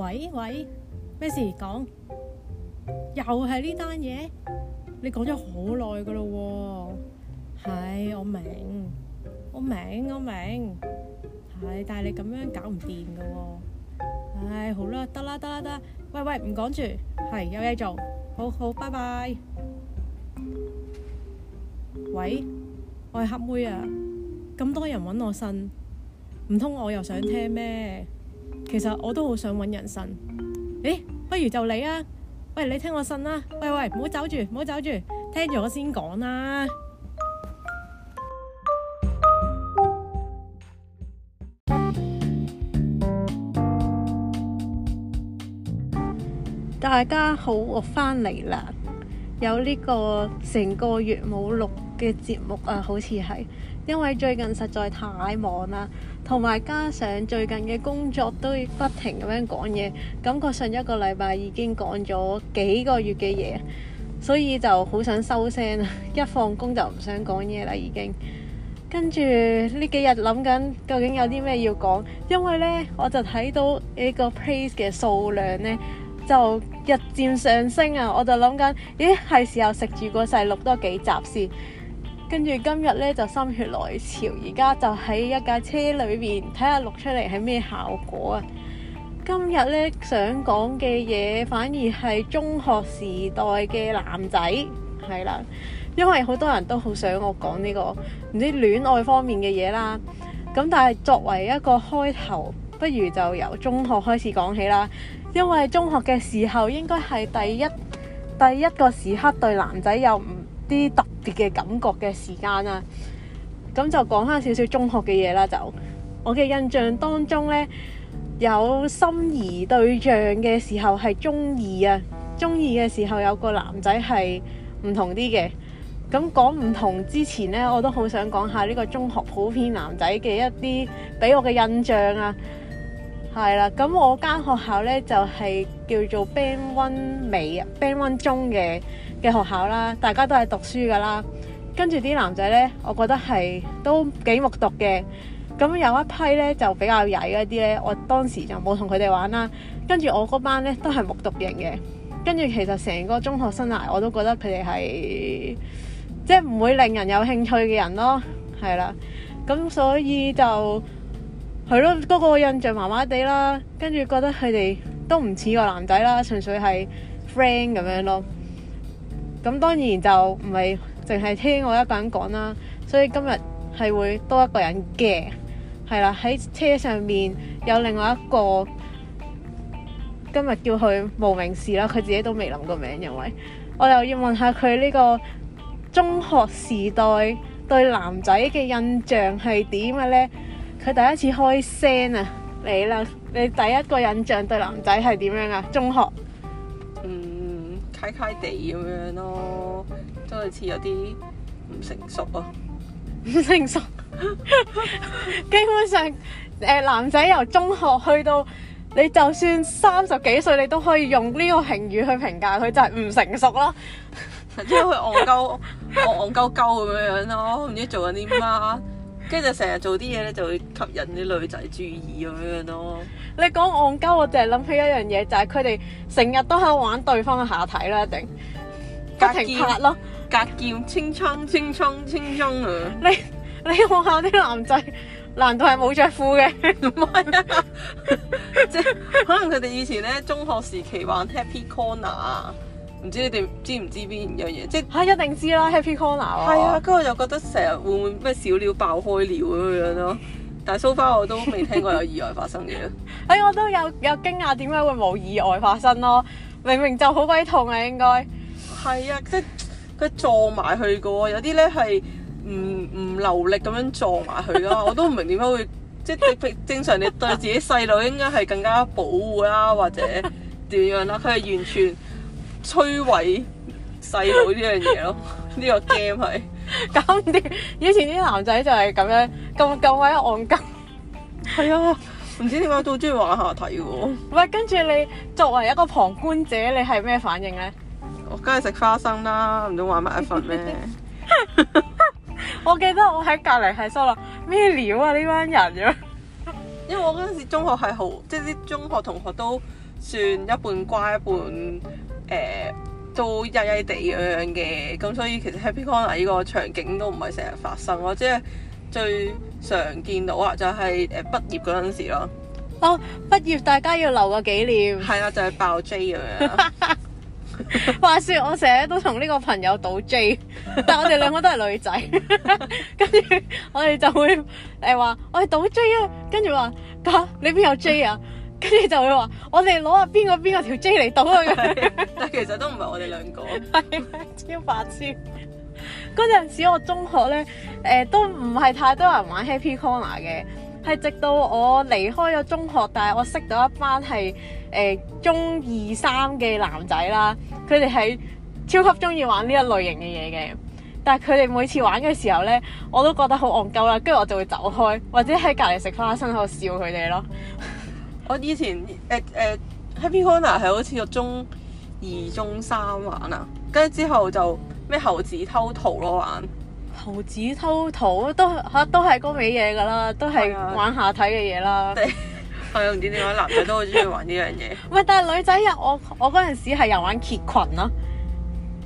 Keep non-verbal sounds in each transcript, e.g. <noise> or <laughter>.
喂喂，咩事？講又係呢單嘢？你講咗好耐噶咯？係，我明，我明，我明，我明。唉，但係你咁樣搞唔掂噶。唉，好啦，得啦，得啦，得。喂喂，唔講住，係有嘢做，好好，拜拜。喂，我係黑妹啊！咁多人揾我呻，唔通我又想聽咩？其實我都好想揾人信，誒，不如就你啊！喂，你聽我信啦！喂喂，唔好走住，唔好走住，聽住我先講啦！大家好，我翻嚟啦，有呢個成個月冇錄嘅節目啊，好似係，因為最近實在太忙啦。同埋加上最近嘅工作都要不停咁樣講嘢，感覺上一個禮拜已經講咗幾個月嘅嘢，所以就好想收聲。一放工就唔想講嘢啦，已經。跟住呢幾日諗緊究竟有啲咩要講，因為呢，我就睇到呢個 plays 嘅數量呢就日漸上升啊，我就諗緊，咦係時候食住個細路多幾集先。跟住今日咧就心血來潮，而家就喺一架車裏邊睇下錄出嚟係咩效果啊！今日咧想講嘅嘢反而係中學時代嘅男仔，係啦，因為好多人都好想我講呢個唔知戀愛方面嘅嘢啦。咁但係作為一個開頭，不如就由中學開始講起啦。因為中學嘅時候應該係第一第一個時刻對男仔又唔啲特別嘅感覺嘅時間啦，咁就講翻少少中學嘅嘢啦。就我嘅印象當中呢，有心儀對象嘅時候係中二啊，中二嘅時候有個男仔係唔同啲嘅。咁講唔同之前呢，我都好想講下呢個中學普遍男仔嘅一啲俾我嘅印象啊。係啦，咁我間學校呢就係叫做 Band One 美啊，Band One 中嘅。嘅學校啦，大家都係讀書噶啦。跟住啲男仔呢，我覺得係都幾木讀嘅。咁有一批呢，就比較曳嗰啲呢，我當時就冇同佢哋玩啦。跟住我嗰班呢，都係木讀型嘅。跟住其實成個中學生涯，我都覺得佢哋係即係唔會令人有興趣嘅人咯。係啦，咁所以就係咯，嗰個印象麻麻地啦。跟住覺得佢哋都唔似個男仔啦，純粹係 friend 咁樣咯。咁當然就唔係淨係聽我一個人講啦，所以今日係會多一個人嘅，係啦，喺車上面有另外一個，今日叫佢無名氏啦，佢自己都未諗個名，因為我又要問下佢呢個中學時代對男仔嘅印象係點嘅呢？佢第一次開聲啊，你啦，你第一個印象對男仔係點樣啊？中學。呆呆地咁樣咯，都係似有啲唔成熟啊！唔成熟，基本上誒、呃、男仔由中學去到你就算三十幾歲，你都可以用呢個評語去評價佢就係唔成熟咯，或者佢戇鳩戇戇鳩鳩咁樣樣咯，唔知做緊啲乜。跟住就成日做啲嘢咧，就會吸引啲女仔注意咁樣咯。你講憨鳩，我淨係諗起一樣嘢，就係佢哋成日都喺度玩對方嘅下體啦，一定隔嬌咯，隔嬌，衝衝衝衝衝啊！你你學校啲男仔，難道係冇着褲嘅？唔係啊，即係可能佢哋以前咧中學時期玩 Happy Corner 啊。唔知你哋知唔知邊樣嘢？即係、啊、一定知啦，Happy Corner 啊！係啊，跟住我就覺得成日會唔會咩小鳥爆開鳥咁、啊、樣咯？但係 so far 我都未聽過有意外發生嘅。誒 <laughs> 、哎，我都有有驚訝，點解會冇意外發生咯？明明就好鬼痛嘅，應該係啊！即係佢撞埋去嘅，有啲呢係唔唔流力咁樣撞埋去嘅，我都唔明點解會 <laughs> 即係正常你對自己細路應該係更加保護啦，或者點樣啦？佢係完全。 <laughs> <laughs> 摧毀細佬呢樣嘢咯，呢個 game 係搞掂。以前啲男仔就係咁樣，咁咁鬼戇鳩。係 <laughs> 啊、哎，唔知點解都中意玩下體喎。喂、嗯，跟住你作為一個旁觀者，你係咩反應咧？我梗係食花生啦，唔通玩埋一份咩？ <laughs> <laughs> <laughs> 我記得我喺隔離係收 o 啦，咩料啊呢班人咁？ <laughs> 因為我嗰陣時中學係好，即係啲中學同學都算一半乖一半。誒、呃、都曳曳地樣嘅，咁所以其實 Happy Corner 呢個場景都唔係成日發生咯，即係最常見到啊，就係誒畢業嗰陣時咯。哦，畢業大家要留個紀念。係啊，就係、是、爆 J 咁樣。話說我成日都同呢個朋友賭 J，但係我哋兩個都係女仔， <laughs> 跟住我哋就會誒話、欸、我哋賭 J 啊，跟住話嗱，你邊有 J 啊？ <laughs> 跟住就會話對：我哋攞啊邊個邊個條 J 嚟擋佢嘅。但其實都唔係我哋兩個，係超白痴。嗰陣時我中學咧，誒、呃、都唔係太多人玩 Happy Corner 嘅，係直到我離開咗中學，但係我識到一班係誒、呃、中二三嘅男仔啦，佢哋係超級中意玩呢一類型嘅嘢嘅。但係佢哋每次玩嘅時候咧，我都覺得好戇鳩啦，跟住我就會走開，或者喺隔離食花生喺度笑佢哋咯。我以前誒誒、欸欸、Happy Corner 係好似個中二、中三玩啊，跟住之後就咩猴子偷桃咯玩、啊，猴子偷桃都嚇、啊、都係嗰味嘢噶啦，都係玩下睇嘅嘢啦。係啊、哎，唔知點解男仔都好中意玩呢樣嘢。喂， <laughs> 但係女仔啊，我我嗰陣時係又玩揭裙啦。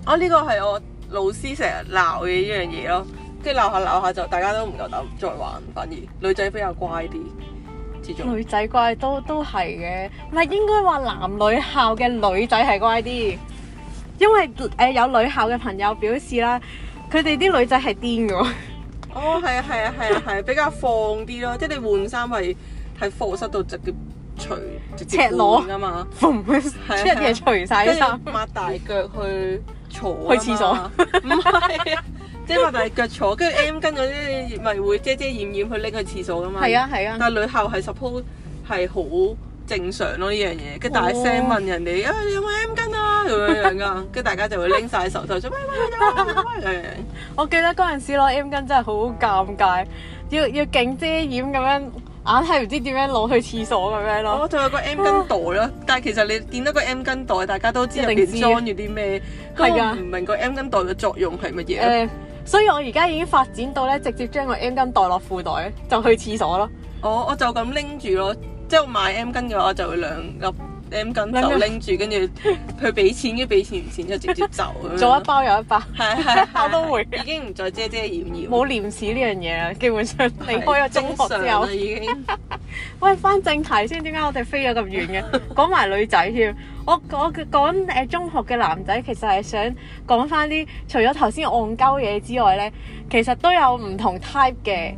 我呢、啊啊呢個係我老師成日鬧嘅一樣嘢咯，跟住鬧下鬧下就大家都唔夠膽再玩，反而女仔比較乖啲。女仔乖都都係嘅，唔係應該話男女校嘅女仔係乖啲，因為誒、呃、有女校嘅朋友表示啦，佢哋啲女仔係癲嘅哦。係啊，係啊，係啊，係比較放啲咯，即係你換衫係喺課室度直接除，直接裸啊嘛，即係除晒啲衫，擘 <laughs> <laughs> <laughs> 大腳去坐去廁所，唔係 <laughs> <laughs> 即係話大腳坐，跟住 M 巾嗰啲咪會遮遮掩掩去拎去廁所噶嘛？係啊係啊！但係女校係 suppose 係好正常咯呢樣嘢。佢大聲問人哋：啊，你有冇 M 巾啊？咁樣樣噶，跟住大家就會拎曬手提出嚟，喂喂喂，我記得嗰陣時攞 M 巾真係好尷尬，要要勁遮掩咁樣，硬係唔知點樣攞去廁所咁樣咯。我仲有個 M 巾袋咯，但係其實你見到個 M 巾袋，大家都知入邊裝住啲咩，都唔明個 M 巾袋嘅作用係乜嘢。所以我而家已經發展到呢，直接將個 M 巾袋落褲袋，就去廁所咯。哦。我我就咁拎住咯，即係買 M 巾嘅話就會兩粒。抌緊就拎住，跟住佢俾錢，跟住俾錢完錢，就直接走。 <laughs> 做一包又一包，係係，我都會已經唔再遮遮掩掩。冇廉恥呢樣嘢啦， <laughs> 基本上離開咗中學之後、啊、已經。 <laughs> 喂，翻正題先，點解我哋飛咗咁遠嘅？講埋 <laughs> 女仔添，我我講誒，中學嘅男仔，其實係想講翻啲除咗頭先戇鳩嘢之外咧，其實都有唔同 type 嘅。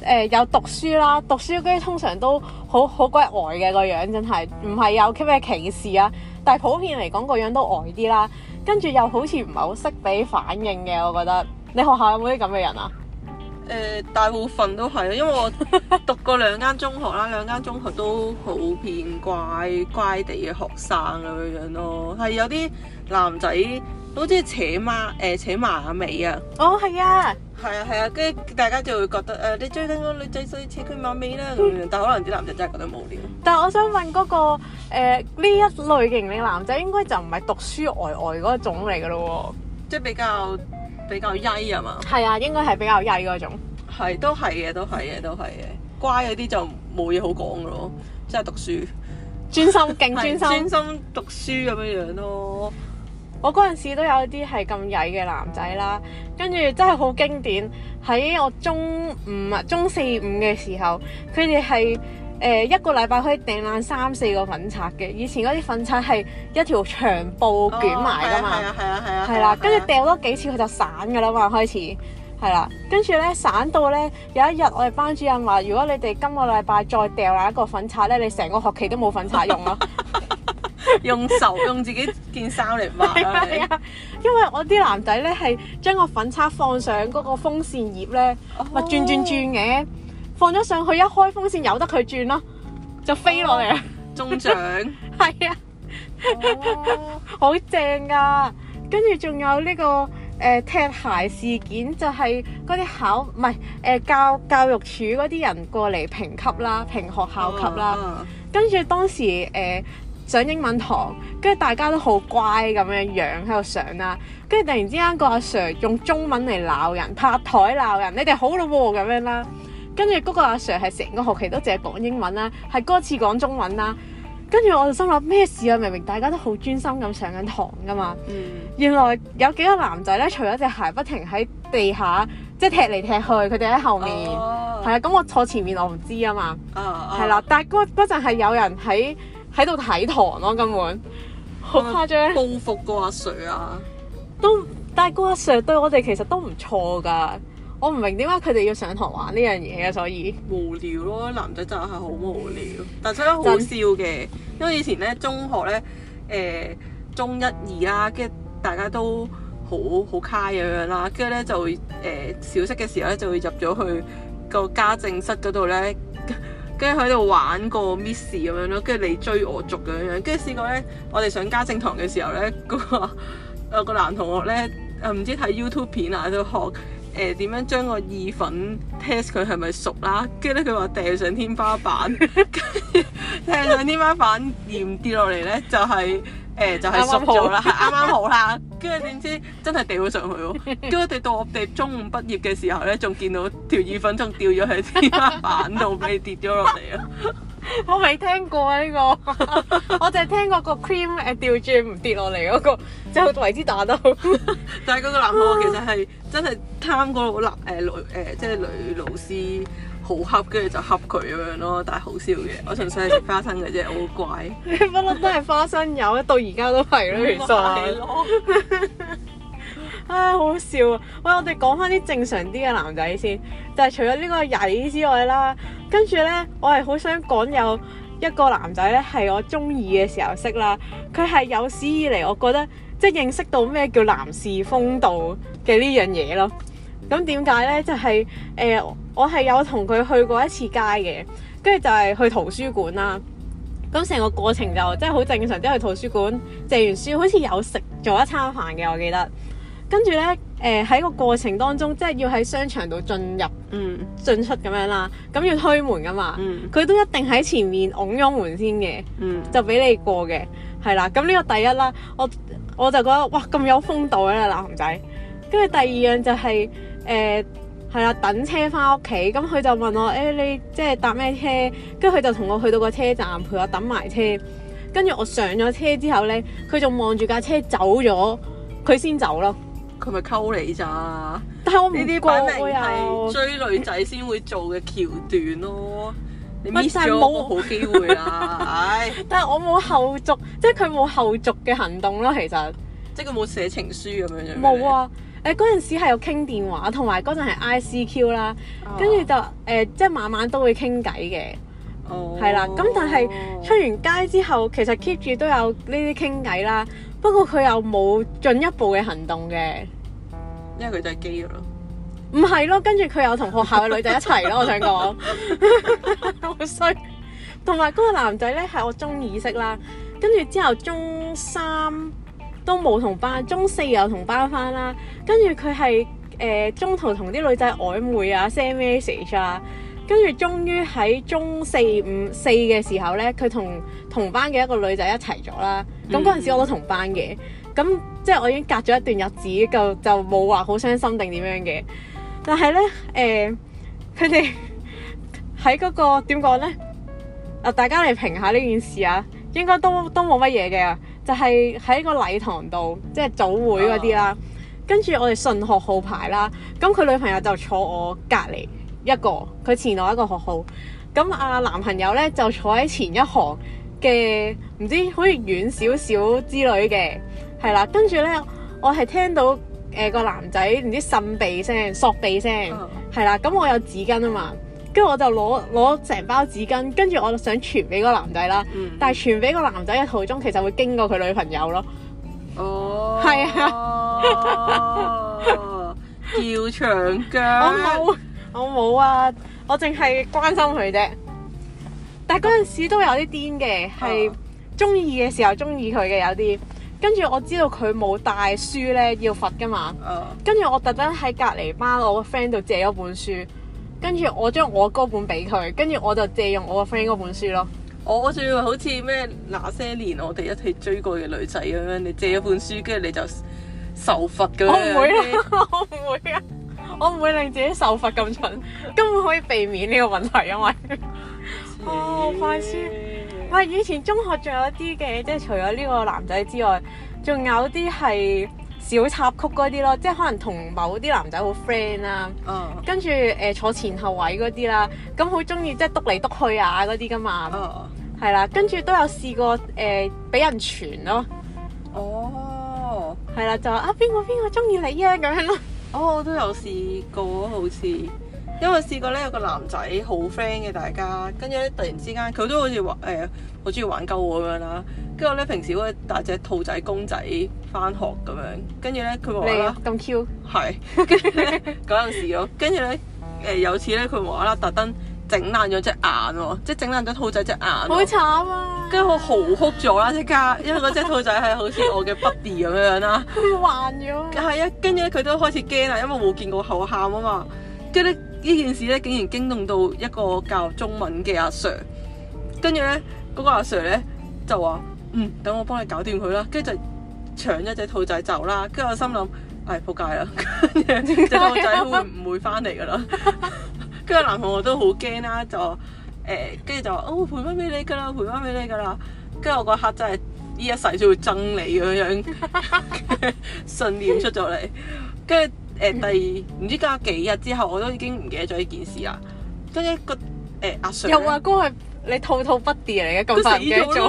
誒、呃、有讀書啦，讀書啲通常都好好鬼呆嘅個樣真，真係唔係有咩歧視啊！但係普遍嚟講個樣都呆啲啦，跟住又好似唔係好識俾反應嘅，我覺得。你學校有冇啲咁嘅人啊？誒、呃，大部分都係啊，因為我讀過兩間中學啦， <laughs> 兩間中學都普遍乖乖地嘅學生咁樣咯，係有啲男仔。好似扯馬誒，扯馬尾啊！哦，係啊，係啊，係啊，跟住大家就會覺得誒，你追緊個女仔，所以扯佢馬尾啦咁樣。但係可能啲男仔真係覺得無聊。但係我想問嗰個誒呢一類型嘅男仔，應該就唔係讀書呆呆嗰種嚟噶咯？即係比較比較曳啊嘛？係啊，應該係比較曳嗰種。係都係嘅，都係嘅，都係嘅。乖嗰啲就冇嘢好講噶咯，即係讀書專心，勁專心，專心讀書咁樣樣咯。我嗰陣時都有啲係咁曳嘅男仔啦，跟住真係好經典。喺我中五啊、中四五嘅時候，佢哋係誒一個禮拜可以掟爛三四個粉刷嘅。以前嗰啲粉刷係一條長布捲埋㗎嘛，係啊係啊係啊，係啦、啊。啊啊啊啊啊啊、跟住掟多幾次佢就散㗎啦嘛，開始係啦、啊。跟住咧散到咧有一日我哋班主任話：如果你哋今個禮拜再掟爛一個粉刷咧，你成個學期都冇粉刷用囉。 <laughs> <laughs> 用手用自己件衫嚟抹啊！ <laughs> 因為我啲男仔咧係將個粉擦放上嗰個風扇葉咧，咪、oh. 轉轉轉嘅，放咗上去一開風扇由得佢轉咯，就飛落嚟啦！Oh. 中獎係 <laughs> 啊，oh. <laughs> 好正㗎、啊！跟住仲有呢、呢個誒、呃、踢鞋事件，就係嗰啲考唔係誒教教育署嗰啲人過嚟評級啦，評學校級啦，oh. 跟住當時誒。呃呃呃呃呃上英文堂，跟住大家都好乖咁樣樣喺度上啦，跟住突然之間、個阿 Sir 用中文嚟鬧人，拍台鬧人，你哋好咯咁樣啦。跟住嗰個阿 Sir 係成個學期都淨係講英文啦，係嗰次講中文啦。跟住我就心諗咩事啊？明明大家都好專心咁上緊堂噶嘛。嗯、原來有幾個男仔咧，除咗隻鞋不停喺地下即係踢嚟踢去，佢哋喺後面係啊。咁、哦哦、我坐前面我唔知啊嘛，係啦、哦哦。但係嗰嗰陣係有人喺。喺度睇堂咯、啊，根本好誇、啊、張、啊。報復過阿 Sir 啊，都但係個阿 Sir 對我哋其實都唔錯㗎。我唔明點解佢哋要上堂玩呢樣嘢啊，所以無聊咯。男仔就係好無聊，但係咧好笑嘅，的因為以前咧中學咧，誒、呃、中一二啦、啊，跟住大家都好好卡咁樣啦，跟住咧就誒、呃、小息嘅時候咧就會入咗去個家政室嗰度咧，跟住喺度玩個 miss 咁樣咯，跟住你追我逐咁樣，跟住試過咧，我哋上家政堂嘅時候咧，嗰個誒個男同學咧誒唔知睇 YouTube 片啊，喺度學誒點、呃、樣將個意粉 test 佢係咪熟啦，跟住咧佢話掟上天花板，跟住掟上天花板驗跌落嚟咧就係、是、誒、呃、就係、是、熟咗啦，啱啱 <laughs> 啱好啦。 <laughs> 跟住點知真係掉咗上去喎！跟住到我哋中五畢業嘅時候咧，仲見到條意粉仲掉咗喺天花板度，俾跌咗落嚟啊！ <laughs> 我未聽過呢、這個，我就係聽過個 cream 誒掉住唔跌落嚟嗰個，就為之打得好。 <laughs> 但係嗰個男同學其實係真係貪嗰個男誒女誒即係女老師。好恰，跟住就恰佢咁樣咯，但係好笑嘅。我純粹係食花生嘅啫，好乖， <laughs> 你不嬲都係花生油，到而家都係咯，其實。唉、 <laughs> <laughs> 哎，好笑啊！喂，我哋講翻啲正常啲嘅男仔先，就係、是、除咗呢個曳之外啦，跟住咧，我係好想講有一個男仔咧，係我中意嘅時候識啦。佢係有史以嚟，我覺得即係、就是、認識到咩叫男士風度嘅呢樣嘢咯。咁點解呢？就係、是、誒、呃，我係有同佢去過一次街嘅，跟住就係去圖書館啦。咁成個過程就即係好正常，即係去圖書館借完書，好似有食咗一餐飯嘅，我記得。跟住呢，誒、呃、喺個過程當中，即係要喺商場度進入、嗯進出咁樣啦，咁要推門噶嘛，佢、嗯、都一定喺前面拱咗門先嘅，嗯、就俾你過嘅，係啦。咁呢個第一啦，我我就覺得，哇，咁有風度嘅、啊、男仔。跟住第二樣就係、是。誒，係啦、嗯，等車翻屋企，咁佢就問我，誒、欸，你即係搭咩車？跟住佢就同我去到個車站，陪我等埋車。跟住我上咗車之後咧，佢仲望住架車走咗，佢先走咯。佢咪溝你咋？但係我唔知呢啲品味係追女仔先會做嘅橋段咯，你 miss 咗個好機會啦。唉， <laughs> 哎、但係我冇後續，即係佢冇後續嘅行動咯。其實，即係佢冇寫情書咁樣樣。冇啊。誒，嗰陣時係有傾電話，同埋嗰陣係 ICQ 啦，跟住就誒，即晚晚都會傾偈嘅，係啦、oh.。咁但係出完街之後，其實 keep 住都有呢啲傾偈啦。Oh. 不過佢又冇進一步嘅行動嘅，因為佢就係基佬。唔係咯，跟住佢又同學校嘅女仔一齊咯， <laughs> 我想講好衰。同埋嗰個男仔咧係我中二識啦，跟住之後中三。都冇同班，中四又同班翻啦。跟住佢係誒中途同啲女仔曖昧啊，send message 啊。跟住終於喺中四五四嘅時候呢，佢同同班嘅一個女仔一齊咗啦。咁嗰陣時我都同班嘅，咁即係我已經隔咗一段日子，就就冇話好傷心定點樣嘅。但係呢，誒、呃，佢哋喺嗰個，點講呢？大家嚟評下呢件事啊，應該都都冇乜嘢嘅。就係喺個禮堂度，即係組會嗰啲啦。跟住、oh. 我哋順學號牌啦。咁佢女朋友就坐我隔離一個，佢前來一個學號。咁啊，男朋友呢，就坐喺前一行嘅，唔知好似遠少少之類嘅，係啦。跟住呢，我係聽到誒、呃、個男仔唔知呻鼻聲、索鼻聲，係啦，oh. 咁我有紙巾啊嘛。跟住我就攞攞成包紙巾，跟住我就想傳俾個男仔啦。嗯、但係傳俾個男仔嘅途中，其實會經過佢女朋友咯。哦，係是啊， <laughs> 叫長腳。我冇，我冇啊！我淨係關心佢啫。但係嗰陣時都有啲癲嘅，係中意嘅時候中意佢嘅有啲。跟住我知道佢冇帶書呢，要罰噶嘛。跟住、啊、我特登喺隔離班，我個 friend 度借咗本書。跟住我將我嗰本俾佢，跟住我就借用我個 friend 嗰本書咯。我仲要好似咩那些年我哋一起追過嘅女仔咁樣，你借一本書，跟住你就受罰嘅咩？我唔會啦、啊、我唔會啦，我唔會啊，我唔會令自己受罰咁蠢，根本可以避免呢個問題，因為像哦，快書，喂、呃，以前中學仲有啲嘅，即係除咗呢個男仔之外，仲有啲係。小插曲嗰啲咯，即係可能同某啲男仔好 friend 啦、啊，uh. 跟住誒、呃、坐前後位嗰啲啦，咁好中意即係篤嚟篤去啊嗰啲噶嘛，係啦、uh.，跟住都有試過誒俾、呃、人傳咯，哦，係啦，就話啊邊個邊個中意你啊咁樣咯，哦，oh, 都有試過好似，因為試過咧有個男仔好 friend 嘅大家，跟住咧突然之間佢都好似、哎、話誒好中意玩鳩我咁樣啦。跟住咧，平時會帶隻兔仔公仔返學咁樣，跟住咧佢冇啦，咁 Q，係跟住咧嗰陣時咯，跟住咧誒有次咧，佢無啦啦特登整爛咗隻眼喎，即係整爛咗兔仔隻眼，好慘啊！跟住我嚎哭咗啦，即刻，因為嗰隻兔仔係好似我嘅 buddy 咁樣樣啦，佢爛咗，係啊，跟住咧佢都開始驚啦，因為冇見過哭喊啊嘛，跟住呢呢件事咧竟然驚動到一個教中文嘅阿 sir，跟住咧嗰個阿 sir 咧就話。嗯，等我幫你搞掂佢啦，跟住就搶咗隻兔仔走啦，跟住我心諗，唉、哎，仆街啦，隻兔仔會唔會翻嚟噶啦？跟住男朋友都好驚啦，就誒，跟、呃、住就話、哦，我賠翻俾你噶啦，賠翻俾你噶啦。跟住我個客真係呢一世都要憎你咁樣，信念出咗嚟。跟住誒，第二，唔知隔咗幾日之後，我都已經唔記得咗呢件事啊。跟住、那個誒、呃、阿又阿哥係。你套套不跌嚟嘅，咁快幾做？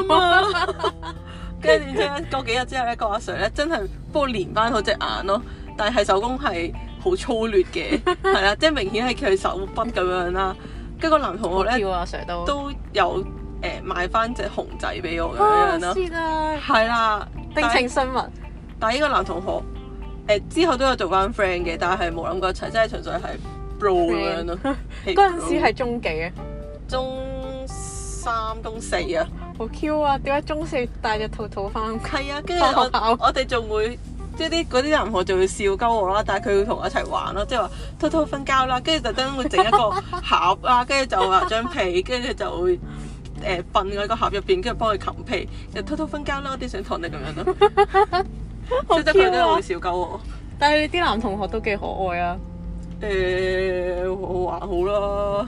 跟住咧，過 <laughs> 幾日之後咧，那個阿 Sir 咧真係幫連翻佢隻眼咯，但係手工係好粗劣嘅，係啦、啊，即係明顯係佢手筆咁樣啦。跟住個男同學咧，叫阿、啊、Sir 都都有誒買翻隻熊仔俾我咁樣咯。啊，先、就、啊、是！係啦的，訂了情信物。但係依個男同學誒之後都有做翻 friend 嘅，但係冇諗過一齊，真係純粹係 bro 咁樣咯。嗰陣 <laughs> <noise> 時係中幾啊？中。 <laughs> 三中四啊，好 Q 啊！點解中四帶隻兔兔翻屋企啊，跟住我哋仲 <laughs> 會即係啲嗰啲男同學仲會笑鳩我啦，但係佢會同我一齊玩咯，即係話兔兔瞓覺啦，跟住特登會整一個盒啊，跟住就話張被，跟住就會誒瞓喺個盒入邊，跟住幫佢冚被，又兔兔瞓覺啦，啲想同你咁樣咯，即係得佢哋會笑鳩我。但係啲男同學都幾可愛啊。誒、 <laughs> 嗯，還好啦。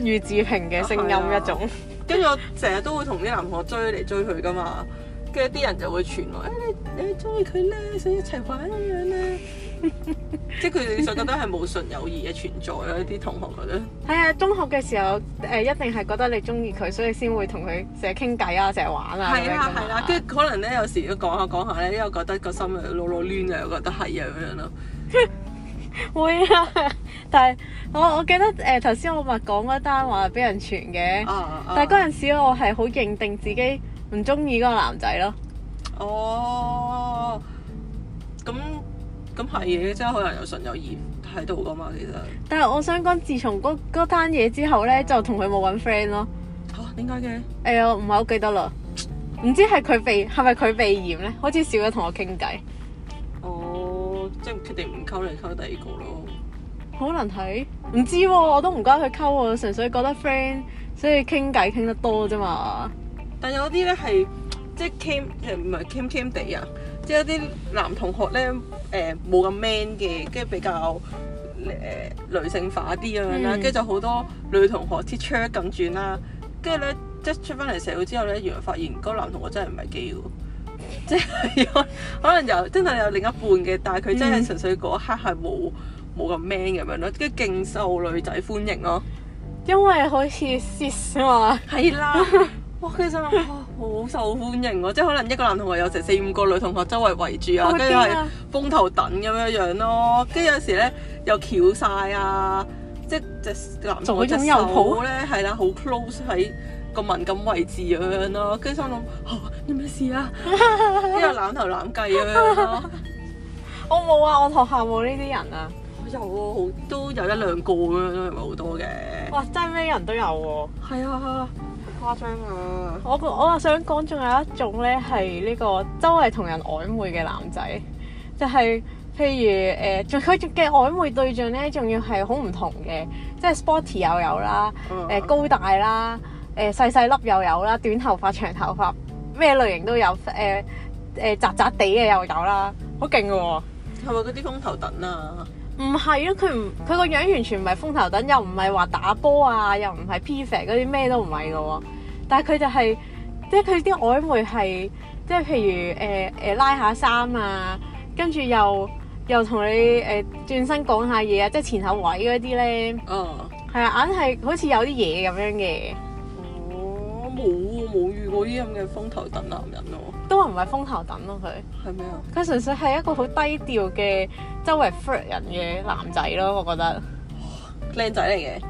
不予置評嘅聲音一種、啊，跟住、啊、 <laughs> 我成日都會同啲男學追嚟追去噶嘛，跟住啲人就會傳我誒、哎、你你中意佢咧，想一齊玩咁樣咧，即係佢哋就覺得係冇純友誼嘅存在，呢啲同學覺得。係 <laughs> 啊，中學嘅時候誒、呃、一定係覺得你中意佢，所以先會同佢成日傾偈啊，成日玩啊，係啦係啦，跟住、啊啊啊、可能咧有時都講下講下咧，因為覺得個心啊老老攣嘅，又覺得係咁樣咯，會啊。但係我我記得誒頭先我咪講嗰單話俾人傳嘅，uh, uh. 但係嗰陣時我係好認定自己唔中意嗰個男仔咯。哦、oh,，咁咁係嘅，即係可能有純友誼喺度噶嘛。其實，但係我想講，自從嗰單嘢之後咧，就同佢冇揾 friend 咯。嚇點解嘅？誒呀唔係好記得啦，唔知係佢避係咪佢避嫌咧？好似少咗同我傾偈。哦、oh,，即係決定唔溝你溝第二個咯。好難睇，唔知喎、啊，我都唔關佢溝喎，純粹覺得 friend，所以傾偈傾得多啫嘛。但有啲咧係即係 cam 唔係 cam cam 哋啊，即係有啲男同學咧，誒冇咁 man 嘅，跟住比較誒、呃、女性化啲咁樣啦，跟住、嗯、就好多女同學貼咁轉啦，跟住咧即係出翻嚟社會之後咧，原來發現嗰個男同學真係唔係基嘅，即係 <laughs> 可能有真係有另一半嘅，但係佢真係純粹嗰刻係冇。冇咁 man 咁樣咯，跟住勁受女仔歡迎咯、啊，因為好似 sis 嘛，係啦， <laughs> 哇！跟住心諗好受歡迎喎、啊，即係可能一個男同學有成四五個女同學周圍圍住啊，跟住係風頭等咁樣樣咯、啊，跟住有時咧又翹晒啊，即係隻男同學隻手咧係啦，好 close 喺個敏感位置咁、啊、樣咯、啊，跟住心諗有咩事啊？邊個攬頭攬計咁、啊、樣 <laughs> 我冇啊，我學校冇呢啲人啊。有好都有一兩個咁樣咯，唔係好多嘅。哇！真係咩人都有喎。係啊，好、啊、誇張啊！我我話想講，仲有一種咧，係呢個周圍同人曖昧嘅男仔，就係、是、譬如誒，仲佢嘅曖昧對象咧，仲要係好唔同嘅，即係 sporty 又有啦，誒、呃啊、高大啦，誒、呃、細細粒又有啦，短頭髮、長頭髮咩類型都有，誒誒窄窄哋嘅又有啦，好勁嘅喎。係咪嗰啲風頭躉啊？唔係啊，佢唔佢個樣完全唔係風頭躉，又唔係話打波啊，又唔係 perfect 嗰啲，咩都唔係㗎喎。但係佢就係、是、即係佢啲曖昧係，即係譬如誒誒、呃呃、拉下衫啊，跟住又又同你誒、呃、轉身講下嘢啊，即係前後位嗰啲咧。嗯、uh.，係啊，硬係好似有啲嘢咁樣嘅。冇冇遇過呢咁嘅風頭躉男人咯。都唔係風頭躉咯，佢係咩啊？佢純粹係一個好低調嘅周圍 fit 人嘅男仔咯，我覺得。靚、哦、仔嚟嘅。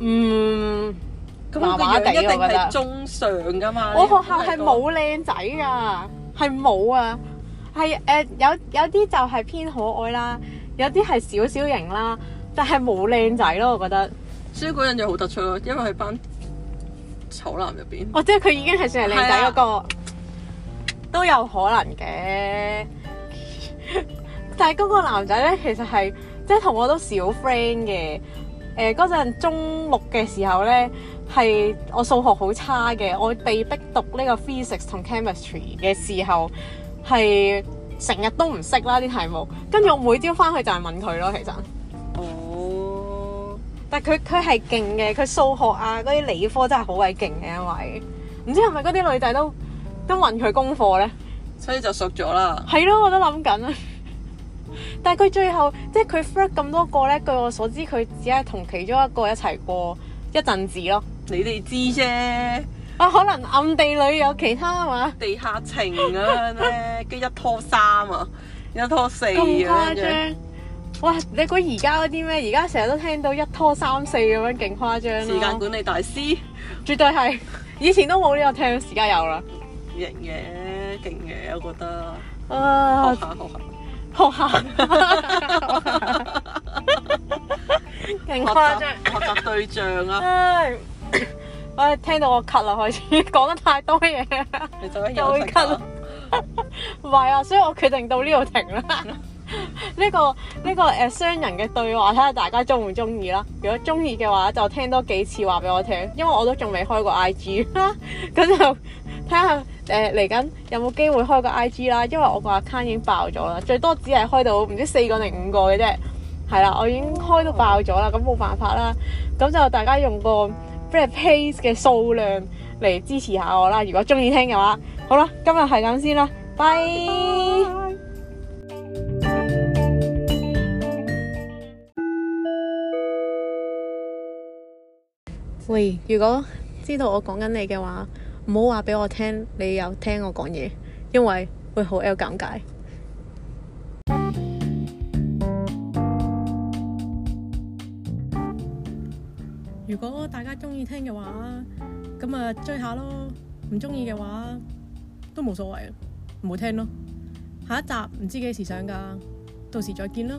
嗯。咁我、嗯、嘅樣一定係中上㗎嘛？我學校係冇靚仔㗎，係冇、嗯、啊。係誒、呃，有有啲就係偏可愛啦，有啲係少少型啦，但係冇靚仔咯，我覺得。所以嗰陣就好突出咯，因為佢班醜男入邊，哦，即係佢已經係算係靚仔嗰個，了都有可能嘅。 <laughs> 但係嗰個男仔咧，其實係即係同我都好 friend 嘅。誒、呃，嗰陣中六嘅時候咧，係我數學好差嘅，我被逼讀呢個 physics 同 chemistry 嘅時候，係成日都唔識啦啲題目。跟住我每朝返去就係問佢咯，其實。但佢佢係勁嘅，佢數學啊，嗰啲理科真係好鬼勁嘅。因為，唔知係咪嗰啲女仔都都問佢功課咧，所以就熟咗啦。係咯，我都諗緊。但係佢最後即係佢 friend 咁多個咧，據我所知佢只係同其中一個一齊過一陣子咯。你哋知啫。啊，可能暗地裏有其他啊嘛？地下情咁樣咧，跟 <laughs> 一拖三啊，一拖四咁誇哇！你估而家嗰啲咩？而家成日都聽到一拖三四咁樣，勁誇張咯！啊！時間管理大師，絕對係以前都冇呢個聽，而家有啦。型嘢，勁嘢，我覺得。學下學下學下。勁誇張！學習對象啊！唉，唉，聽到我咳啦，開始講得太多嘢你做又會咳嗽。唔 <laughs> 係啊，所以我決定到呢度停啦。 <laughs> 呢個呢個誒，雙人嘅對話，睇下大家中唔中意啦。如果中意嘅話，就聽多幾次話俾我聽，因為我都仲未開過 IG 啊。咁就睇下誒，嚟緊有冇機會開個 IG 啦。因為我個 account 已經爆咗啦，最多只係開到唔知四個定五個嘅啫。係啦，我已經開到爆咗啦，咁冇辦法啦。咁就大家用個 black page 嘅數量嚟支持下我啦。如果中意聽嘅話，好啦，今日係咁先啦，拜。喂，如果知道我講緊你嘅話，唔好話俾我聽你有聽我講嘢，因為會好有尷尬。如果大家中意聽嘅話，咁啊追下咯。唔中意嘅話都冇所謂，唔好聽咯。下一集唔知幾時上噶，到時再見咯。